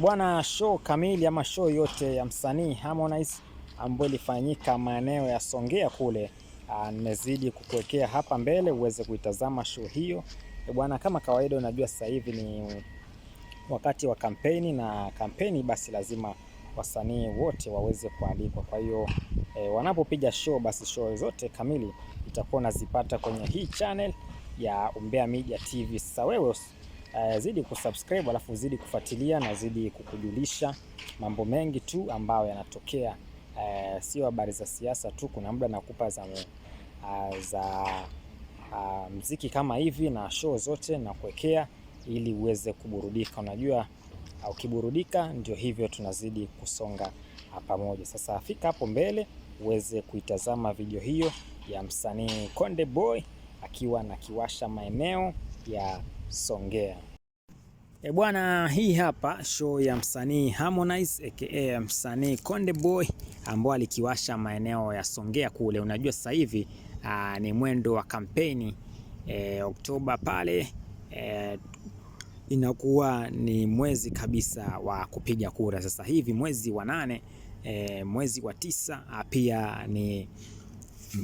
Bwana, show kamili ama show yote ya msanii Harmonize ambayo ilifanyika maeneo ya Songea kule, ah, nimezidi kukuwekea hapa mbele uweze kuitazama show hiyo eh, bwana. Kama kawaida, unajua sasa hivi ni wakati wa kampeni, na kampeni basi lazima wasanii wote waweze kualikwa. Kwa hiyo e, wanapopiga show basi show zote kamili itakuwa unazipata kwenye hii channel ya Umbea Media TV. Sasa wewe uh, zidi kusubscribe alafu zidi kufuatilia na zidi kukujulisha mambo mengi tu ambayo yanatokea, uh, sio habari za siasa tu. Kuna muda nakupa za, uh, za uh, mziki kama hivi na show zote na kuwekea ili uweze kuburudika. Unajua ukiburudika ndio hivyo, tunazidi kusonga pamoja. Sasa afika hapo mbele uweze kuitazama video hiyo ya msanii Konde Boy akiwa na kiwasha maeneo ya Songea. E bwana, hii hapa show ya msanii Harmonize aka msanii Konde Boy ambao alikiwasha maeneo ya Songea kule. Unajua sasa hivi ah, ni mwendo wa kampeni e, Oktoba pale e, inakuwa ni mwezi kabisa wa kupiga kura. Sasa hivi mwezi wa nane e, mwezi wa tisa ah, pia ni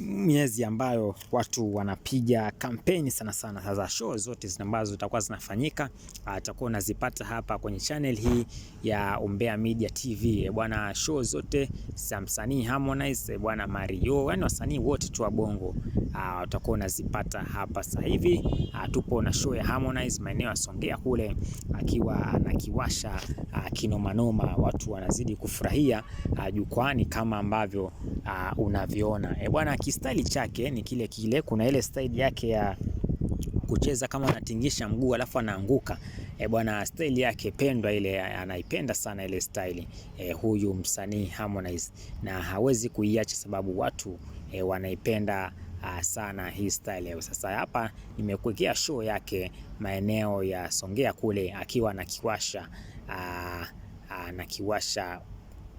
miezi ambayo watu wanapiga kampeni sana sana za show zote ambazo zitakuwa zinafanyika, atakuwa ah, unazipata hapa kwenye channel hii ya Umbea Media TV eh, bwana. Show zote za msanii Harmonize eh, bwana, Mario, yani wasanii wote tu wa bongo ah, utakuwa unazipata hapa sasa hivi. Ah, tupo na show ya Harmonize maeneo ya Songea kule, akiwa anakiwasha kinomanoma, watu wanazidi kufurahia jukwani kama ambavyo unavyoona eh, bwana kistali chake ni kile kile. Kuna ile style yake ya kucheza kama anatingisha mguu alafu anaanguka. E bwana, style yake pendwa ile, anaipenda sana ile style e, huyu msanii Harmonize, na hawezi kuiacha sababu watu e, wanaipenda sana hii style. Sasa hapa nimekuwekea show yake maeneo ya Songea kule akiwa na kiwasha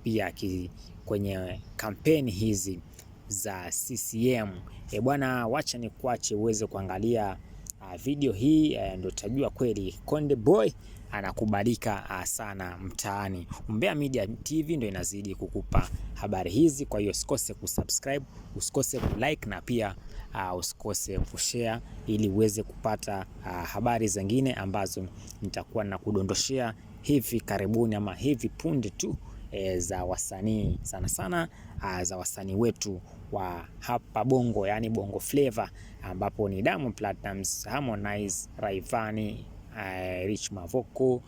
pia ki, kwenye kampeni hizi za CCM. E bwana, wacha ni kuache uweze kuangalia uh, video hii uh, ndio utajua kweli Konde Boy anakubalika uh, sana mtaani. Umbea Media TV ndio inazidi kukupa habari hizi, kwa hiyo usikose kusubscribe, usikose kulike na pia uh, usikose kushare ili uweze kupata uh, habari zingine ambazo nitakuwa na kudondoshea hivi karibuni ama hivi punde tu e, za wasanii sana sana a, za wasanii wetu wa hapa Bongo, yani Bongo Flava, ambapo ni Diamond Platnumz, Harmonize, Rayvanny, uh, Rich Mavoko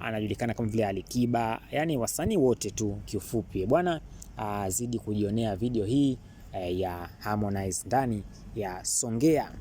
anajulikana kama vile Alikiba, yani wasanii wote tu kiufupi bwana. Uh, zidi kujionea video hii uh, ya Harmonize ndani ya Songea.